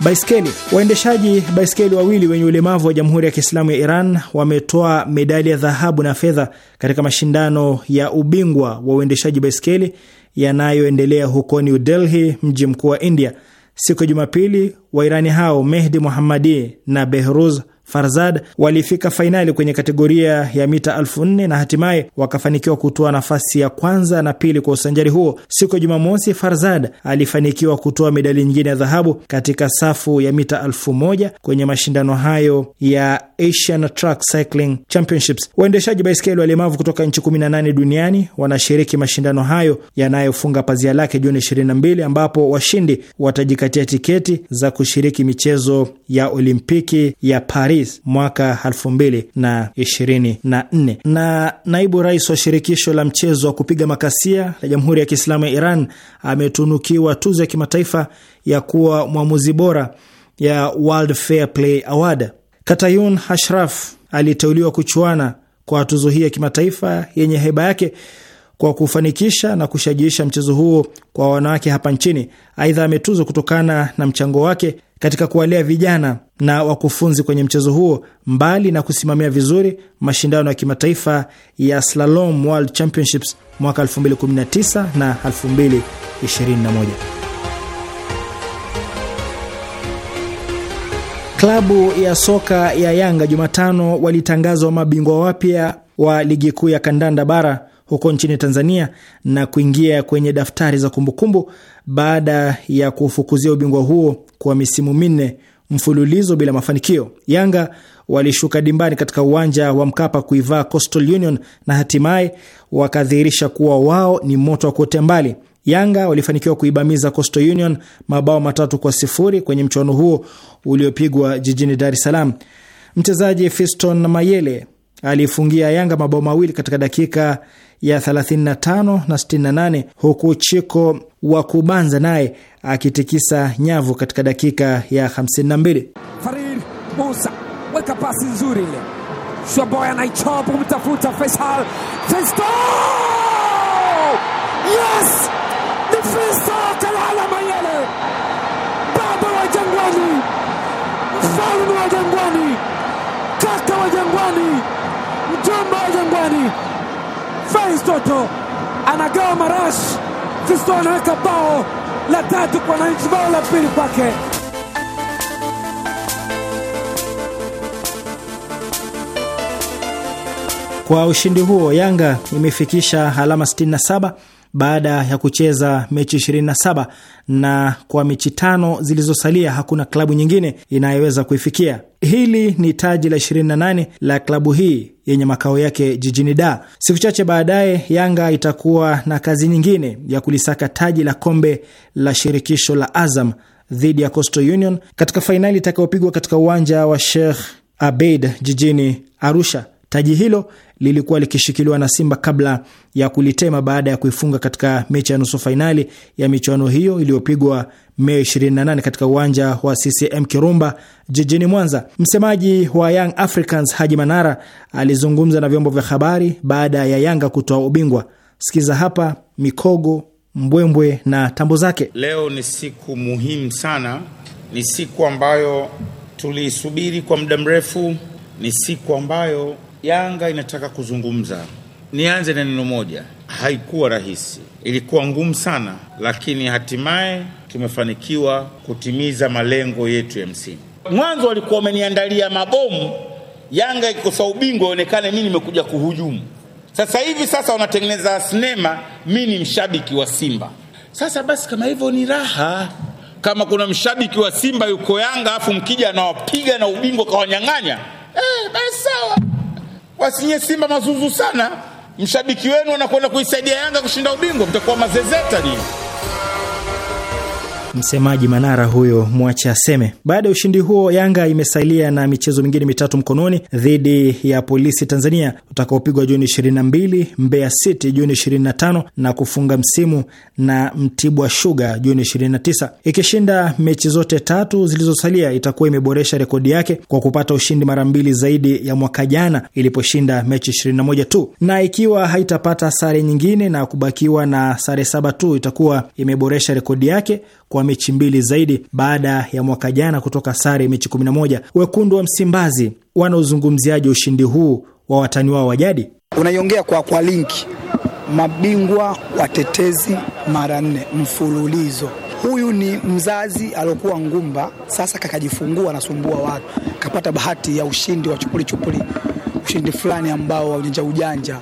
Baiskeli. Waendeshaji baiskeli wawili wenye ulemavu wa Jamhuri ya Kiislamu ya Iran wametoa medali ya dhahabu na fedha katika mashindano ya ubingwa wa uendeshaji baiskeli yanayoendelea huko New Delhi, mji mkuu wa India siku ya Jumapili Wairani hao Mehdi muhamadi na Behruz Farzad walifika fainali kwenye kategoria ya mita 4 na hatimaye wakafanikiwa kutoa nafasi ya kwanza na pili kwa usanjari huo. Siku ya Jumamosi, Farzad alifanikiwa kutoa medali nyingine ya dhahabu katika safu ya mita 1 kwenye mashindano hayo ya Asian Track Cycling Championships. Waendeshaji baiskeli walemavu kutoka nchi 18 duniani wanashiriki mashindano hayo yanayofunga pazia lake Juni 22, ambapo washindi watajikatia tiketi za kushiriki michezo ya Olimpiki ya Paris Paris mwaka 2024. Na, na naibu rais wa shirikisho la mchezo wa kupiga makasia la Jamhuri ya Kiislamu ya Iran ametunukiwa tuzo ya kimataifa ya kuwa mwamuzi bora ya World Fair Play Award. Katayun Ashraf aliteuliwa kuchuana kwa tuzo hii ya kimataifa yenye heba yake kwa kufanikisha na kushajiisha mchezo huo kwa wanawake hapa nchini. Aidha, ametuzwa kutokana na mchango wake katika kuwalea vijana na wakufunzi kwenye mchezo huo, mbali na kusimamia vizuri mashindano ya kimataifa ya Slalom World Championships mwaka 2019 na 2021. Klabu ya soka ya Yanga Jumatano walitangazwa mabingwa wapya wa ligi kuu ya kandanda bara huko nchini Tanzania na kuingia kwenye daftari za kumbukumbu kumbu baada ya kufukuzia ubingwa huo kwa misimu minne mfululizo bila mafanikio. Yanga walishuka dimbani katika uwanja wa Mkapa kuivaa Coastal Union na hatimaye wakadhihirisha kuwa wao ni moto wa kuotea mbali. Yanga walifanikiwa kuibamiza Coastal Union mabao matatu kwa sifuri kwenye mchuano huo uliopigwa jijini Dar es Salaam. Mchezaji Fiston Mayele aliifungia Yanga mabao mawili katika dakika ya 35 na 68 huku Chiko wa Kubanza naye akitikisa nyavu katika dakika ya 52. Farid Musa weka pasi nzuri ile, Shoboy anaichoma kumtafuta Faisal. Festo! Yes! Ni Festo kalala mayele, baba wa Jangwani, mfalme wa Jangwani, kaka wa Jangwani, mjomba wa Jangwani Fais Toto anagawa marash Fisto anaweka bao la tatu kwa wananchi, bao la pili kwake. Kwa ushindi huo Yanga imefikisha alama 67 baada ya kucheza mechi 27 na kwa mechi tano zilizosalia hakuna klabu nyingine inayoweza kuifikia. Hili ni taji la 28 la klabu hii yenye makao yake jijini Dar. Siku chache baadaye, Yanga itakuwa na kazi nyingine ya kulisaka taji la kombe la shirikisho la Azam dhidi ya Coastal Union katika fainali itakayopigwa katika uwanja wa Sheikh Abeid jijini Arusha. Taji hilo lilikuwa likishikiliwa na Simba kabla ya kulitema baada ya kuifunga katika mechi ya nusu fainali ya michuano hiyo iliyopigwa Mei 28 katika uwanja wa CCM Kirumba jijini Mwanza. Msemaji wa Young Africans Haji Manara alizungumza na vyombo vya habari baada ya Yanga kutoa ubingwa. Sikiza hapa mikogo, mbwembwe na tambo zake. Leo ni siku muhimu sana, ni siku ambayo tuliisubiri kwa muda mrefu, ni siku ambayo Yanga inataka kuzungumza. Nianze na neno moja, haikuwa rahisi, ilikuwa ngumu sana, lakini hatimaye tumefanikiwa kutimiza malengo yetu ya msimu. Mwanzo walikuwa wameniandalia mabomu, Yanga ikikosa ubingwa ionekane mi nimekuja kuhujumu. Sasa hivi sasa wanatengeneza sinema, mi ni mshabiki wa Simba. Sasa basi, kama hivyo ni raha kama kuna mshabiki wa Simba yuko Yanga afu mkija anawapiga na ubingwa kawanyang'anya, eh, basi sawa wasinye Simba mazuzu sana. Mshabiki wenu anakwenda kuisaidia Yanga kushinda ubingwa, mtakuwa mazezeta nini? msemaji Manara huyo mwache aseme. Baada ya ushindi huo, Yanga imesalia na michezo mingine mitatu mkononi dhidi ya Polisi Tanzania utakaopigwa Juni 22, Mbeya City Juni 25 na kufunga msimu na Mtibwa shuga Juni 29. Ikishinda mechi zote tatu zilizosalia, itakuwa imeboresha rekodi yake kwa kupata ushindi mara mbili zaidi ya mwaka jana iliposhinda mechi 21 tu, na ikiwa haitapata sare nyingine na kubakiwa na sare saba tu, itakuwa imeboresha rekodi yake kwa wa mechi mbili zaidi baada ya mwaka jana kutoka sare mechi 11. Wekundu wa Msimbazi wanaozungumziaje ushindi huu wa watani wao wa jadi? Unaiongea kwa kwa linki mabingwa watetezi mara nne mfululizo. Huyu ni mzazi aliokuwa ngumba, sasa kakajifungua, anasumbua watu, kapata bahati ya ushindi wa chupuli chupuli, ushindi fulani ambao wa ujanja ujanja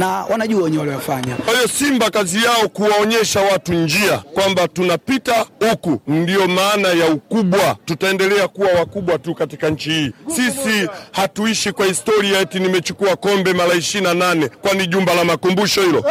na wanajua wenyewe waliofanya. Kwa hiyo Simba kazi yao kuwaonyesha watu njia kwamba tunapita huku, ndiyo maana ya ukubwa. Tutaendelea kuwa wakubwa tu katika nchi hii. Sisi hatuishi kwa historia eti nimechukua kombe mara ishirini na nane, kwani jumba la makumbusho hilo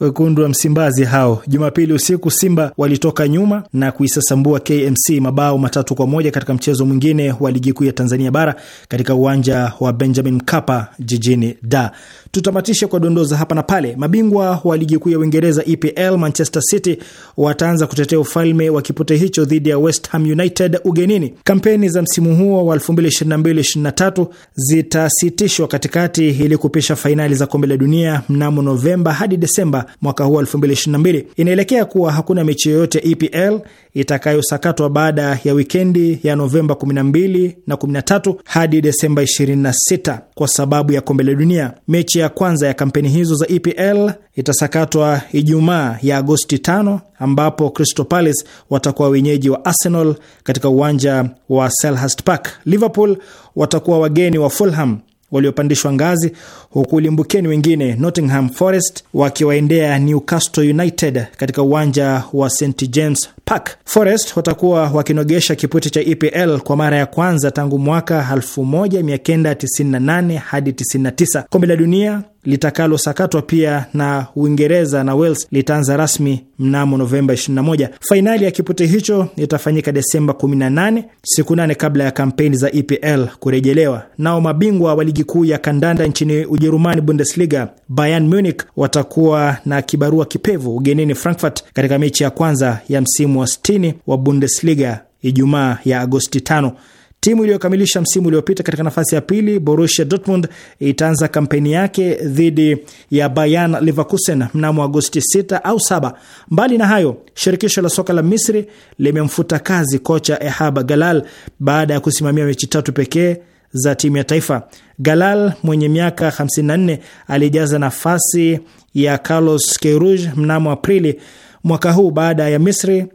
Wekundu wa Msimbazi hao Jumapili usiku Simba walitoka nyuma na kuisasambua KMC mabao matatu kwa moja katika mchezo mwingine wa ligi kuu ya Tanzania bara katika uwanja wa Benjamin Mkapa jijini Dar. Tutamatishe kwa dondoza hapa na pale. Mabingwa wa ligi kuu ya Uingereza EPL, Manchester City wataanza kutetea ufalme wa kipute hicho dhidi ya West Ham United ugenini. Kampeni za msimu huo wa 2022 zitasitishwa katikati ili kupisha fainali za kombe la dunia mnamo Novemba hadi Desemba mwaka huu 2022. Inaelekea kuwa hakuna mechi yoyote EPL itakayosakatwa baada ya wikendi ya Novemba 12 na 13 hadi Desemba 26 kwa sababu ya kombe la dunia. Mechi ya kwanza ya kampeni hizo za EPL itasakatwa Ijumaa ya Agosti 5 ambapo Crystal Palace watakuwa wenyeji wa Arsenal katika uwanja wa Selhurst Park. Liverpool watakuwa wageni wa Fulham waliopandishwa ngazi, huku limbukeni wengine Nottingham Forest wakiwaendea Newcastle United katika uwanja wa St James Park. Forest watakuwa wakinogesha kipute cha EPL kwa mara ya kwanza tangu mwaka 1998 hadi 99. Kombe la dunia litakalosakatwa pia na Uingereza na Wales litaanza rasmi mnamo Novemba 21. Fainali ya kipute hicho itafanyika Desemba 18, siku nane kabla ya kampeni za EPL kurejelewa. Nao mabingwa wa ligi kuu ya kandanda nchini Ujerumani, Bundesliga, Bayern Munich watakuwa na kibarua kipevu ugenini Frankfurt katika mechi ya kwanza ya msimu wa 60 wa Bundesliga Ijumaa ya Agosti 5. Timu iliyokamilisha msimu uliopita katika nafasi ya pili, Borussia Dortmund, itaanza kampeni yake dhidi ya Bayan Leverkusen mnamo Agosti 6 au 7. Mbali na hayo, shirikisho la soka la Misri limemfuta kazi kocha Ehab Galal baada ya kusimamia mechi tatu pekee za timu ya taifa. Galal mwenye miaka 54 alijaza nafasi ya Carlos Queiroz mnamo Aprili mwaka huu baada ya Misri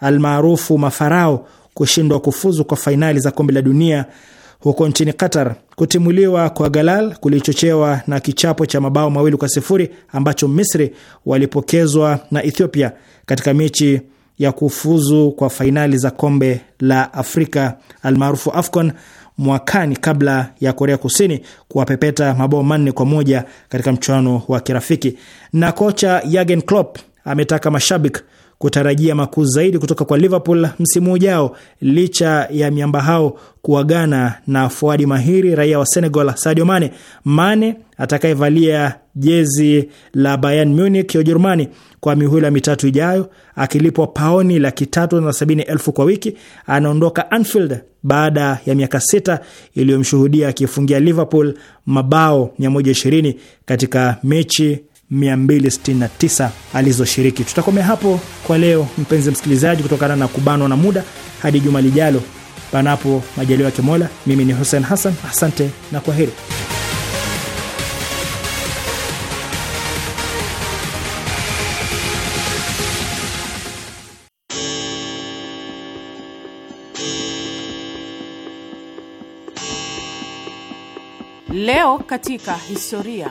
almaarufu mafarao kushindwa kufuzu kwa fainali za kombe la dunia huko nchini Qatar. Kutimuliwa kwa Galal kulichochewa na kichapo cha mabao mawili kwa sifuri ambacho Misri walipokezwa na Ethiopia katika mechi ya kufuzu kwa fainali za kombe la Afrika almaarufu AFCON mwakani kabla ya Korea Kusini kuwapepeta mabao manne kwa moja katika mchuano wa kirafiki. Na kocha Jurgen Klopp ametaka mashabiki kutarajia makuu zaidi kutoka kwa Liverpool msimu ujao, licha ya miamba hao kuagana na fuadi mahiri raia wa Senegal Sadio Mane. Mane atakayevalia jezi la Bayern Munich ya Ujerumani kwa mihula mitatu ijayo, akilipwa paoni laki tatu na sabini elfu kwa wiki, anaondoka Anfield baada ya miaka sita iliyomshuhudia akifungia Liverpool mabao 120 katika mechi 269 alizoshiriki. Tutakomea hapo kwa leo, mpenzi msikilizaji, kutokana na kubanwa na muda. Hadi juma lijalo, panapo majaliwa ya Kimola, Mimi ni Hussein Hassan, asante na kwa heri. Leo katika historia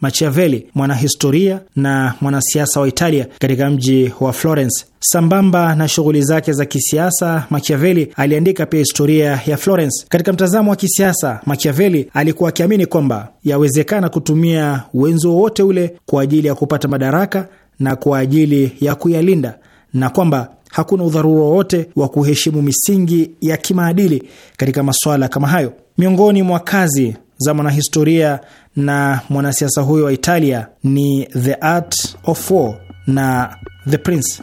Machiavelli, mwanahistoria na mwanasiasa wa Italia, katika mji wa Florence. Sambamba na shughuli zake za kisiasa, Machiavelli aliandika pia historia ya Florence. Katika mtazamo wa kisiasa, Machiavelli alikuwa akiamini kwamba yawezekana kutumia wenzo wowote ule kwa ajili ya kupata madaraka na kwa ajili ya kuyalinda na kwamba hakuna udharura wowote wa kuheshimu misingi ya kimaadili katika masuala kama hayo. Miongoni mwa kazi za mwanahistoria na mwanasiasa huyo wa Italia ni The Art of War na The Prince.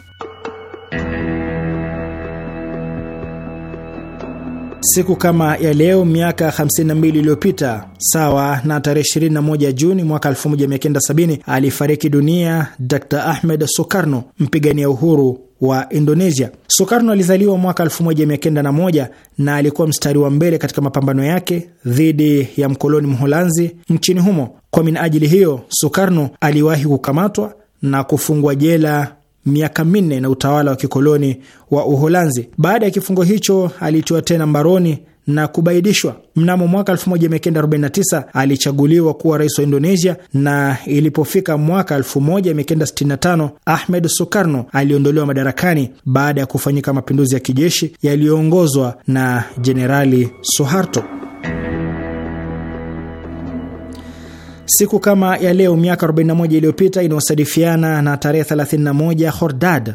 Siku kama ya leo miaka 52 iliyopita, sawa na tarehe 21 Juni mwaka 1970, alifariki dunia Dr. Ahmed Sukarno, mpigania uhuru wa Indonesia. Sukarno alizaliwa mwaka 1901 na alikuwa mstari wa mbele katika mapambano yake dhidi ya mkoloni Mholanzi nchini humo. Kwa minajili hiyo, Sukarno aliwahi kukamatwa na kufungwa jela miaka minne na utawala wa kikoloni wa Uholanzi. Baada ya kifungo hicho, alitiwa tena mbaroni na kubaidishwa. Mnamo mwaka 1949 alichaguliwa kuwa rais wa Indonesia, na ilipofika mwaka 1965 Ahmed Sukarno aliondolewa madarakani baada ya kufanyika mapinduzi ya kijeshi yaliyoongozwa na Jenerali Suharto. Siku kama ya leo miaka 41 iliyopita inayosadifiana na tarehe 31 Hordad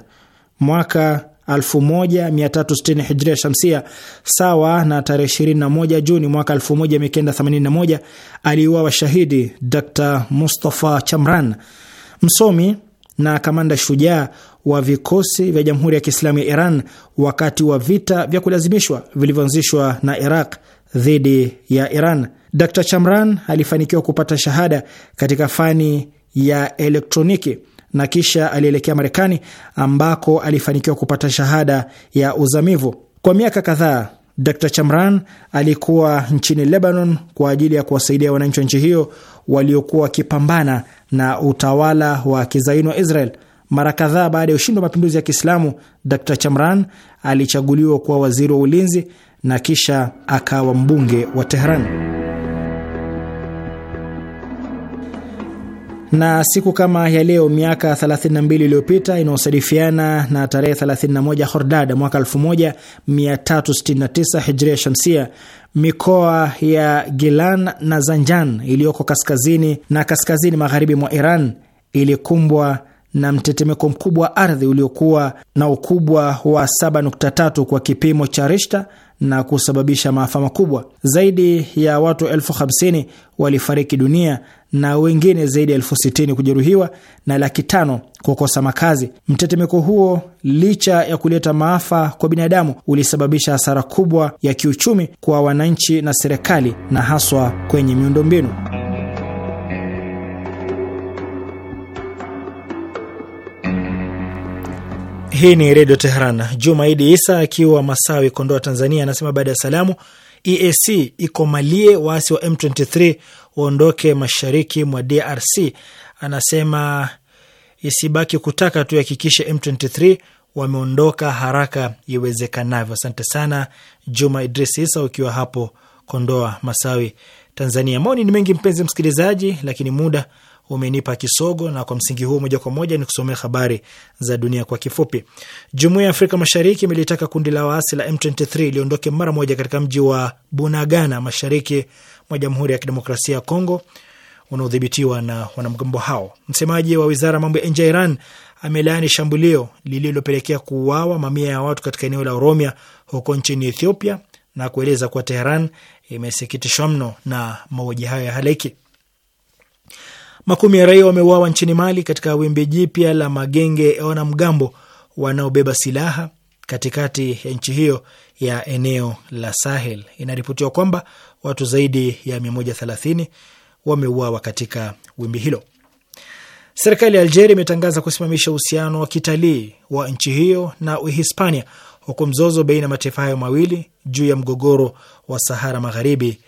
mwaka 1360 hijria shamsia sawa na tarehe 21 Juni mwaka 1981 aliuawa shahidi Dr. Mustafa Chamran, msomi na kamanda shujaa wa vikosi vya Jamhuri ya Kiislamu ya Iran wakati wa vita vya kulazimishwa vilivyoanzishwa na Iraq dhidi ya Iran. Dr. Chamran alifanikiwa kupata shahada katika fani ya elektroniki na kisha alielekea Marekani ambako alifanikiwa kupata shahada ya uzamivu. Kwa miaka kadhaa, Dr Chamran alikuwa nchini Lebanon kwa ajili ya kuwasaidia wananchi wa nchi hiyo waliokuwa wakipambana na utawala wa kizaini wa Israel. Mara kadhaa baada ya ushindi wa mapinduzi ya Kiislamu, Dr Chamran alichaguliwa kuwa waziri wa ulinzi na kisha akawa mbunge wa Tehran. na siku kama ya leo miaka 32 iliyopita inayosadifiana na tarehe 31 Hordada mwaka 1369 Hijria Shamsia, mikoa ya Gilan na Zanjan iliyoko kaskazini na kaskazini magharibi mwa Iran ilikumbwa na mtetemeko mkubwa wa ardhi uliokuwa na ukubwa wa 7.3 kwa kipimo cha rishta na kusababisha maafa makubwa. Zaidi ya watu elfu hamsini walifariki dunia na wengine zaidi ya elfu sitini kujeruhiwa na laki tano kukosa makazi. Mtetemeko huo licha ya kuleta maafa kwa binadamu, ulisababisha hasara kubwa ya kiuchumi kwa wananchi na serikali, na haswa kwenye miundombinu. Hii ni Redio Teheran. Juma Idi Isa akiwa Masawi, Kondoa, Tanzania, anasema baada ya salamu, EAC ikomalie waasi wa M23 waondoke mashariki mwa DRC. Anasema isibaki kutaka tu, hakikishe M23 wameondoka haraka iwezekanavyo. Asante sana Juma Idris Isa ukiwa hapo Kondoa, Masawi, Tanzania. Maoni ni mengi mpenzi msikilizaji, lakini muda umenipa kisogo, na kwa msingi huo moja kwa moja ni kusomea habari za dunia kwa kifupi. Jumuiya ya Afrika Mashariki imelitaka kundi la waasi la M23 liondoke mara moja katika mji wa Bunagana, mashariki mwa Jamhuri ya Kidemokrasia ya Kongo unaodhibitiwa na wanamgambo hao. Msemaji wa wizara ya mambo ya nje ya Iran amelaani shambulio lililopelekea kuuawa mamia ya watu katika eneo la Oromia huko nchini Ethiopia na kueleza kuwa Teheran imesikitishwa mno na mauaji hayo ya halaiki. Makumi ya raia wameuawa nchini Mali katika wimbi jipya la magenge ya wanamgambo wanaobeba silaha katikati ya nchi hiyo ya eneo la Sahel. Inaripotiwa kwamba watu zaidi ya 130 wameuawa katika wimbi hilo. Serikali ya Algeria imetangaza kusimamisha uhusiano wa kitalii wa nchi hiyo na Uhispania, huku mzozo baina ya mataifa hayo mawili juu ya mgogoro wa Sahara Magharibi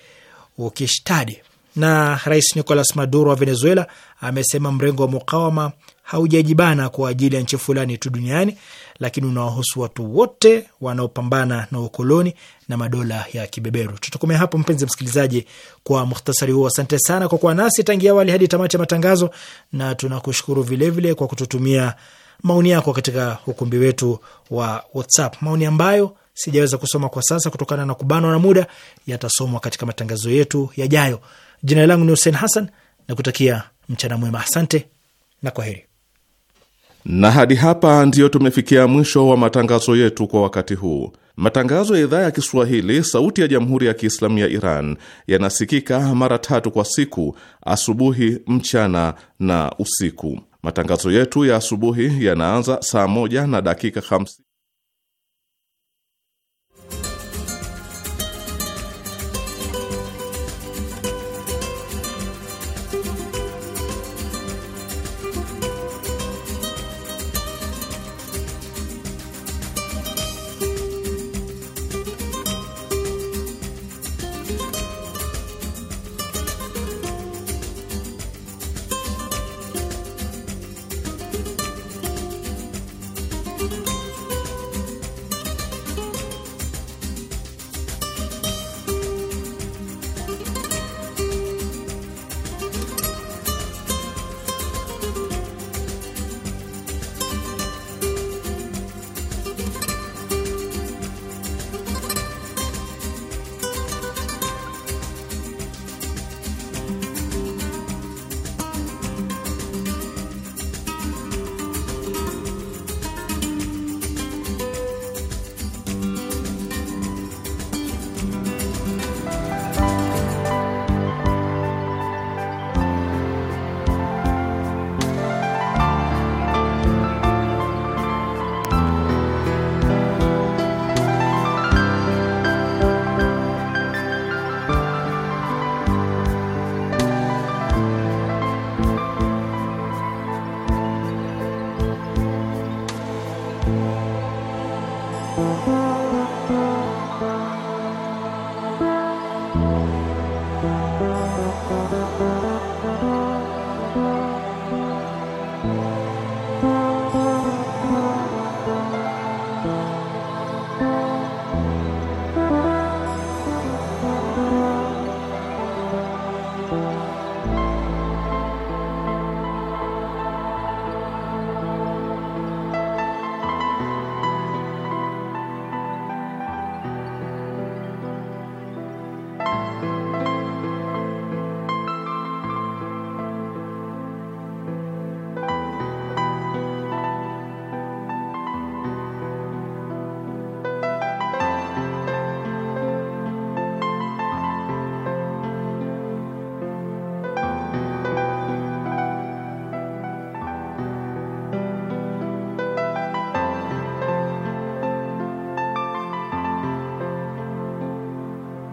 ukishtadi. Na Rais Nicolas Maduro wa Venezuela amesema mrengo wa mukawama haujajibana kwa ajili ya nchi fulani tu duniani, lakini unawahusu watu wote wanaopambana na ukoloni na madola ya kibeberu. Tutakomea hapo mpenzi msikilizaji, kwa muhtasari huo. Asante sana kwa kuwa nasi tangia awali hadi tamati ya matangazo, na tunakushukuru vilevile kwa kututumia maoni yako katika ukumbi wetu wa WhatsApp, maoni ambayo sijaweza kusoma kwa sasa kutokana na kubanwa na muda, yatasomwa katika matangazo yetu yajayo. Jina langu ni Hussein Hassan na kutakia mchana mwema. Asante na heri. Na hadi hapa ndiyo tumefikia mwisho wa matangazo yetu kwa wakati huu. Matangazo ya idhaa ya Kiswahili sauti ya jamhuri ya Kiislamu ya Iran yanasikika mara tatu kwa siku: asubuhi, mchana na usiku. Matangazo yetu ya asubuhi yanaanza saa moja na dakika hamsini